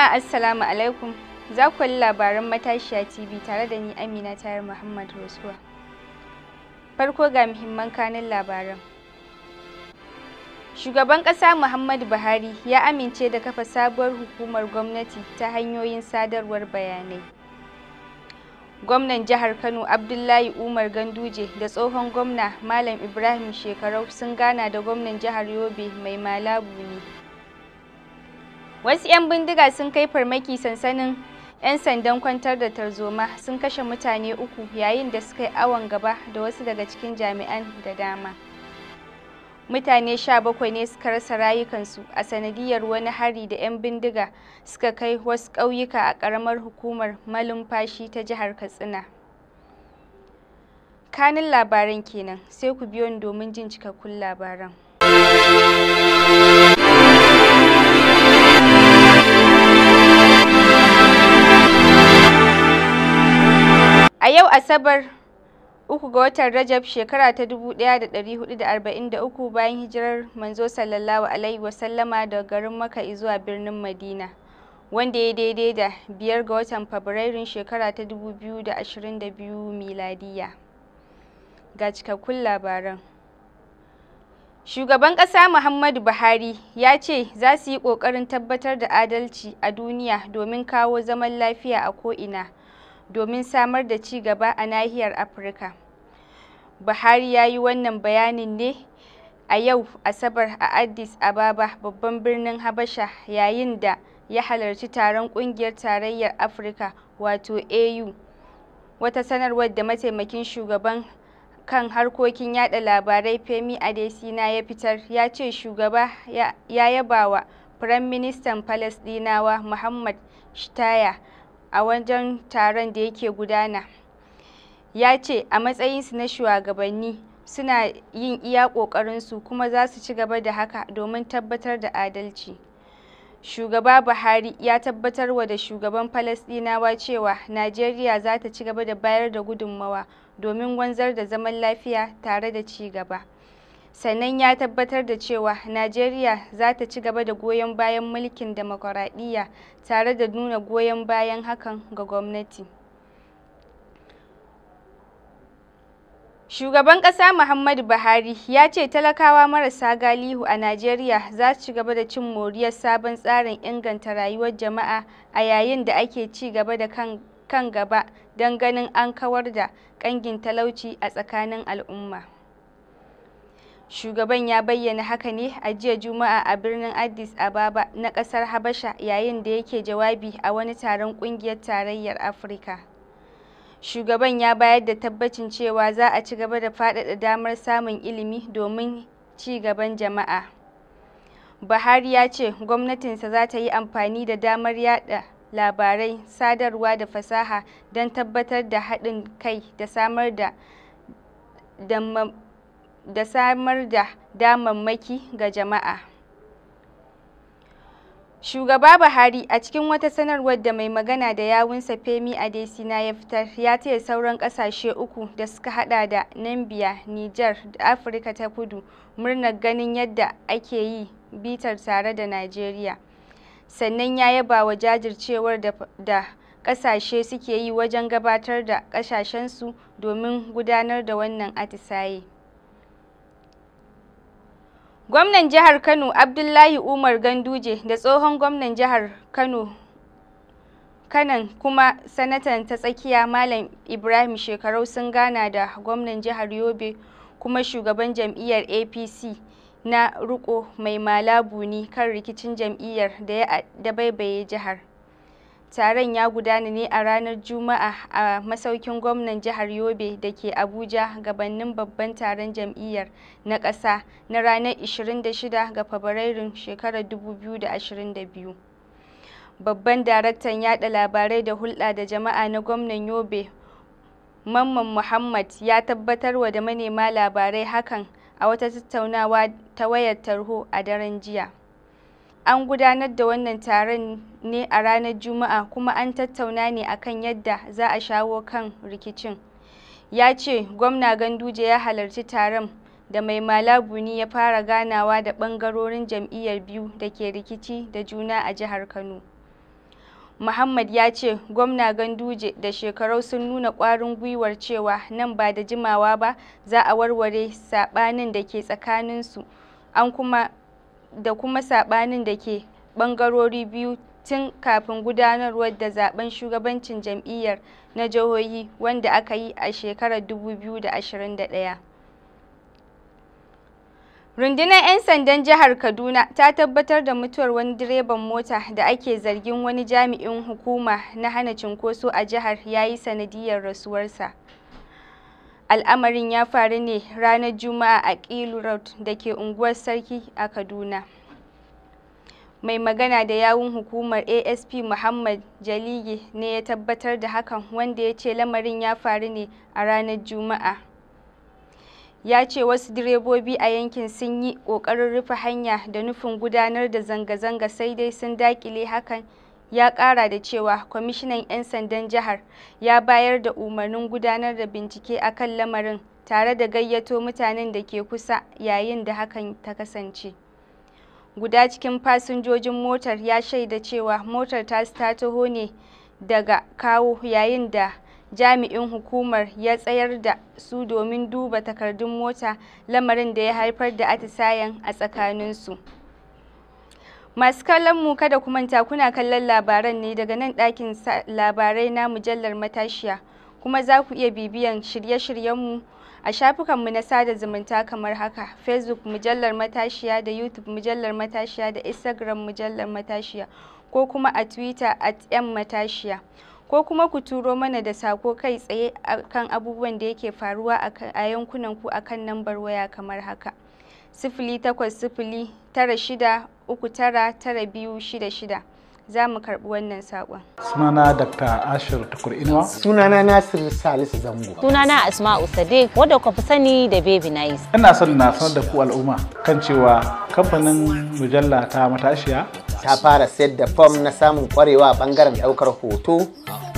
Jama'a Assalamu alaikum. Za ku yi labaran matashiya TV tare da ni Amina Tayar Muhammad Rasuwa. Farko ga muhimman kanin labaran. Shugaban ƙasa Muhammadu Buhari ya amince da kafa sabuwar hukumar gwamnati ta hanyoyin sadarwar bayanai. Gwamnan jihar Kano Abdullahi Umar Ganduje da tsohon gwamna Malam Ibrahim Shekarau sun gana da gwamnan jihar Yobe mai Malabu ne. Wasu 'yan bindiga sun kai farmaki sansanin 'yan sandan kwantar da tarzoma sun kashe mutane uku yayin da suka yi awon gaba da wasu daga cikin jami'an da dama. Mutane sha bakwai ne suka rasa rayukansu a sanadiyar wani hari da 'yan bindiga suka kai wasu ƙauyuka a ƙaramar hukumar malumfashi ta jihar Katsina. Kanin labaran kenan sai ku biyo ni domin jin cikakkun labaran. yau Asabar 3 ga watan Rajab shekara ta 1443 bayan hijirar manzo sallallahu alaihi wasallama daga garin Makka zuwa birnin Madina wanda ya daidai da biyar ga watan Fabrairun shekara ta 2022 miladiya. Ga cikakkun labaran. Shugaban ƙasa Muhammadu Buhari ya ce za su yi ƙoƙarin tabbatar da adalci a duniya domin kawo zaman lafiya a ko'ina. domin samar da ci gaba a nahiyar Afirka. Buhari ya yi wannan bayanin ne a yau Asabar a Addis Ababa babban birnin Habasha yayin da ya halarci taron kungiyar tarayyar Afirka wato AU. Wata sanarwar da mataimakin shugaban kan harkokin yada labarai Femi Adesina ya fitar ya ce shugaba ya yaba wa Firaministan Falasɗinawa Muhammad Shtaya a wajen taron da yake gudana, ya ce a matsayinsu na shugabanni suna yin iya ƙoƙarinsu kuma za su ci gaba da haka domin tabbatar da adalci. Shugaba Buhari ya tabbatar wa da shugaban Falasɗinawa cewa Najeriya za ta ci gaba da bayar da gudunmawa domin wanzar da zaman lafiya tare da ci gaba. sannan ya tabbatar da cewa Najeriya za ta ci gaba da goyon bayan mulkin demokuraɗiyya tare da nuna goyon bayan hakan ga gwamnati. Shugaban ƙasa Muhammadu Buhari ya ce talakawa marasa galihu a Najeriya za su ci gaba da cin moriyar sabon tsarin inganta rayuwar jama'a a yayin da ake ci gaba da kan gaba don ganin an kawar da ƙangin talauci a tsakanin al'umma. Shugaban ya bayyana haka ne a jiya Juma'a a birnin Addis Ababa na ƙasar Habasha yayin da yake jawabi a wani taron ƙungiyar Tarayyar Afirka. Shugaban ya bayar da tabbacin cewa za a ci gaba da faɗaɗa damar samun ilimi domin ci gaban jama'a. Buhari ya ce gwamnatinsa za ta yi amfani da damar yaɗa labarai, sadarwa da fasaha don tabbatar da haɗin kai da samar da da samar da damammaki ga jama'a. Shugaba Buhari a cikin wata sanarwar da mai magana da yawunsa Femi Adesina ya fitar ya taya sauran kasashe uku da suka hada da Nambiya, Nijar da Afirka ta Kudu murnar ganin yadda ake yi bitar tare da Najeriya. Sannan ya yaba wa jajircewar da, da kasashe suke yi wajen gabatar da kasashensu domin gudanar da wannan atisaye. Gwamnan jihar Kano Abdullahi Umar Ganduje da tsohon gwamnan jihar Kano Kanan kuma sanatan ta tsakiya Malam Ibrahim Shekarau sun gana da gwamnan jihar Yobe kuma shugaban jam'iyyar APC na ruko mai malabu ne kan rikicin jam'iyyar da ya dabaibaye jihar. Taron ya gudana ne a ranar Juma'a a masaukin gwamnan jihar Yobe da ke Abuja gabanin babban taron jam'iyyar na ƙasa na ranar 26 ga Fabrairun shekarar 2022. Babban daraktan Yaɗa Labarai da Hulɗa da Jama'a na gwamnan Yobe Mamman Muhammad ya wa da manema labarai hakan a wata tattaunawa ta wayar tarho a daren jiya. An gudanar da wannan taron ne a ranar Juma'a kuma an tattauna ne akan yadda za a shawo kan rikicin. Ya ce Gwamna Ganduje ya halarci taron da Mai malabuni ya fara ganawa da bangarorin jam'iyyar biyu da ke rikici da juna a jihar Kano. Muhammad ya ce Gwamna Ganduje da Shekarau sun nuna ƙwarin gwiwar cewa nan ba da jimawa ba za a warware saɓanin da ke tsakaninsu an kuma da kuma saɓanin da ke ɓangarori biyu tun kafin gudanarwar da zaɓen shugabancin jam'iyyar na jihohi wanda aka yi a shekarar 2021. Rundunar 'yan sandan jihar Kaduna ta tabbatar da mutuwar wani direban mota da ake zargin wani jami'in hukuma na hana cunkoso a jihar ya yi sanadiyar rasuwarsa. Al'amarin ya faru ne ranar Juma'a a Kilu Road da ke unguwar Sarki a Kaduna. Mai magana da yawun hukumar ASP Muhammad Jalige ne ya tabbatar da hakan wanda ya ce lamarin ya faru ne a ranar Juma'a. Ya ce wasu direbobi a yankin sun yi ƙoƙarin rufe hanya da nufin gudanar da zanga-zanga sai dai sun daƙile hakan ya kara da cewa kwamishinan 'yan sandan jihar ya bayar da umarnin gudanar da bincike akan lamarin tare da gayyato mutanen da ke kusa yayin da hakan ta kasance. Guda cikin fasinjojin motar ya shaida cewa motar ta ta taho ne daga kawo yayin da jami'in hukumar ya tsayar da su domin duba takardun mota lamarin da ya haifar da atisayen a tsakaninsu. Masu kallon mu kada ku manta kuna kallon labaran ne daga nan ɗakin labarai na mujallar matashiya kuma za ku iya bibiyan shirye-shiryenmu a shafukanmu na sada zumunta kamar haka Facebook mujallar matashiya da YouTube mujallar matashiya da Instagram mujallar matashiya ko kuma a Twitter at matashiya. ko kuma ku turo mana da sako kai tsaye kan abubuwan da yake faruwa a yankunanku akan nambar waya kamar haka. Sifili sifili takwas tara tara tara shida shida uku biyu shida za mu karɓi wannan saƙon. Sunana dakta Ashir Tukur Inuwa. Sunana Nasir Salisu Zango. Sunana Asma'u Sadiq wadda ku fi sani da Baby Nice. Ina son na sanar da ku al'umma kan cewa kamfanin mujalla ta matashiya ta fara sayar da fom na samun kwarewa a bangaren ɗaukar hoto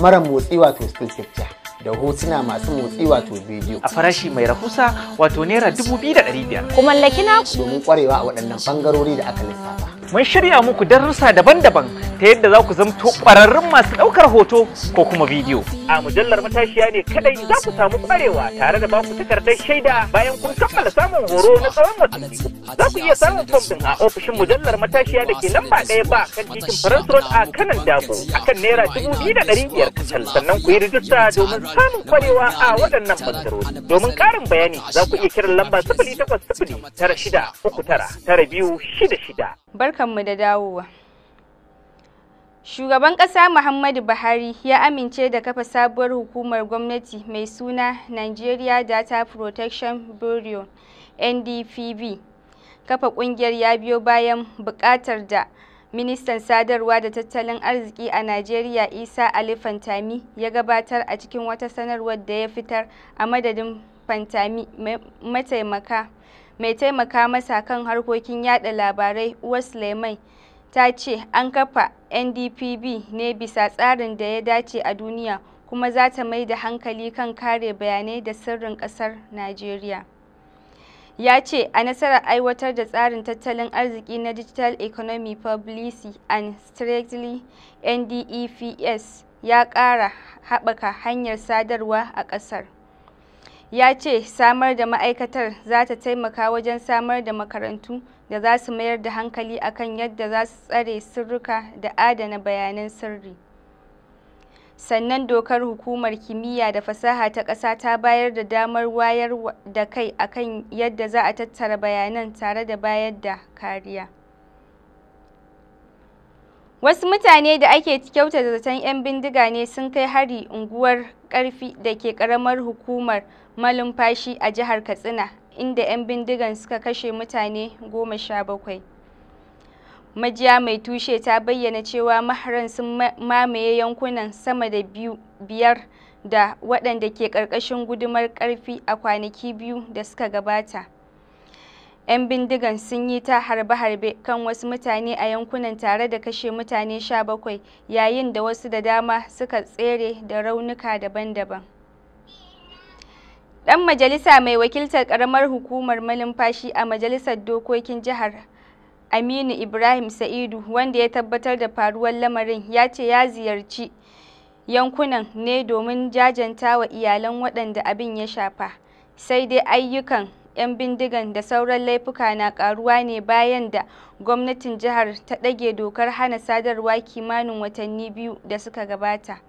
mara motsi wato still picture. da hotuna masu motsi wato bidiyo a farashi mai rahusa wato naira 2500 ku mallaki na domin kwarewa a waɗannan bangarori da aka lissafa mun shirya muku darussa daban-daban ta yadda za ku zamto ƙwararrun masu ɗaukar hoto ko kuma bidiyo. A mujallar matashiya ne kadai za ku samu ƙwarewa tare da baku takardar shaida bayan kun kammala samun horo na tsawon watanni. Za ku iya samun fom ɗin a ofishin mujallar matashiya da ke lamba ɗaya ba kan titin Faransu Road a kanan Dabo kan naira dubu biyu da ɗari biyar kacal sannan ku yi rijista domin samun ƙwarewa a waɗannan bangarori. Domin ƙarin bayani za ku iya kiran lamba sifili takwas sifili tara shida uku tara tara biyu shida shida. Barka barkanmu da dawowa. Shugaban ƙasa Muhammadu Buhari ya amince da kafa sabuwar hukumar gwamnati mai suna Nigeria Data Protection Bureau NDPB. Kafa ƙungiyar ya biyo bayan buƙatar da Ministan Sadarwa da Tattalin Arziki a Najeriya Isa Ali Fantami ya gabatar a cikin wata sanarwar da ya fitar a madadin Fantami mataimaka mai taimaka masa kan harkokin yada labarai Uwar Suleiman, ta ce an kafa NDPB ne bisa tsarin da ya dace a duniya kuma za ta mai da hankali kan kare bayanai da sirrin ƙasar Najeriya. ya ce a nasarar aiwatar da tsarin tattalin arziki na digital economy publicity and strategy NDEPS ya ƙara haɓaka hanyar sadarwa a ƙasar ya ce samar da ma'aikatar za ta taimaka wajen samar da makarantu da za su mayar da hankali akan yadda za su tsare sirruka da adana bayanan sirri sannan dokar hukumar kimiyya da fasaha ta ƙasa ta bayar da damar wayar da kai akan yadda za a tattara bayanan tare da bayar da kariya Wasu mutane da ake kyautata zaton 'yan bindiga ne sun kai hari unguwar ƙarfi da ke ƙaramar hukumar malumfashi a jihar Katsina, inda 'yan bindigan suka kashe mutane goma sha bakwai Majiya mai tushe ta bayyana cewa maharan sun mamaye yankunan sama da biyar da waɗanda ke ƙarƙashin gudumar ƙarfi a kwanaki biyu da suka gabata. 'Yan bindigan sun yi ta harbe-harbe kan wasu mutane a yankunan tare da kashe mutane sha bakwai yayin da wasu da dama suka tsere da raunuka daban-daban. Ɗan majalisa mai wakiltar karamar hukumar malumfashi a majalisar dokokin jihar Aminu Ibrahim Sa'idu wanda ya tabbatar da faruwar lamarin ya ce ya ziyarci yankunan ne domin jajanta wa iyalan waɗanda abin ya shafa. Sai dai ayyukan 'yan bindigan da sauran laifuka na karuwa ne bayan da gwamnatin jihar ta ɗage dokar hana sadarwa kimanin watanni biyu da suka gabata.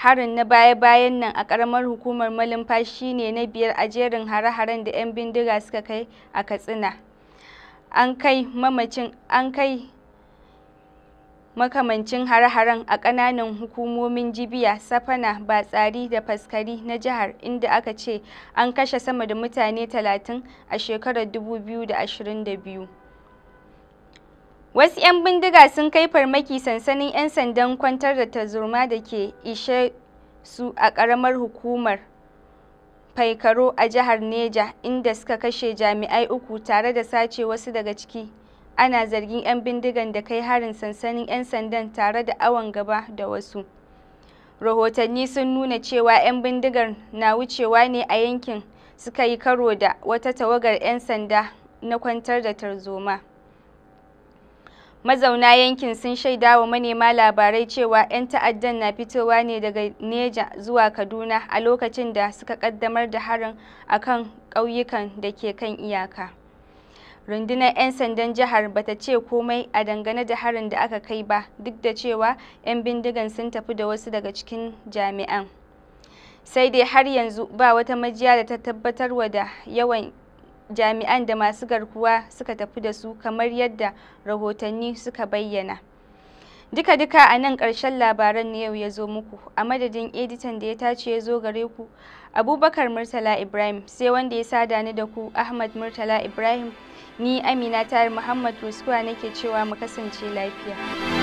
Harin na baya-bayan nan a ƙaramar hukumar malumfa shi ne na biyar a jerin hare-haren da 'yan bindiga suka kai a Katsina. An kai mamacin an kai makamancin hare-haren a ƙananan hukumomin Jibiya, Safana, Batsari da Faskari na jihar inda aka ce an kashe sama da mutane 30 a shekarar 2022. Wasu 'yan bindiga sun kai farmaki sansanin 'yan sandan kwantar da tarzoma da ke ishe su a ƙaramar hukumar Faikaro a jihar Neja inda suka kashe jami'ai uku tare da sace wasu daga ciki. Ana zargin 'yan bindigan da kai harin sansanin 'yan sandan tare da awon gaba da wasu. Rahotanni sun nuna cewa 'yan bindigar na wucewa ne a yankin suka yi karo da wata tawagar 'yan sanda na kwantar da tarzoma. Mazauna yankin sun shaida wa manema labarai cewa 'yan ta'addan na fitowa ne daga Neja zuwa Kaduna a lokacin da suka kaddamar da harin a kan ƙauyukan da ke kan iyaka. Rundunar 'yan sandan jihar bata ce komai a dangane da harin da aka kai ba, duk da cewa 'yan bindigan sun tafi da wasu daga cikin jami'an. Sai dai har yanzu ba wata majiya da ta tabbatarwa da yawan jami'an da masu garkuwa suka tafi da su kamar yadda rahotanni suka bayyana. Duka-duka a nan ƙarshen labaran na yau ya zo muku, a madadin editan da ya tace ya zo gare ku, Abubakar Murtala Ibrahim, sai wanda ya sada ni da ku Ahmad Murtala Ibrahim, ni Amina Tahir Muhammad Rusuwa nake cewa mu kasance lafiya.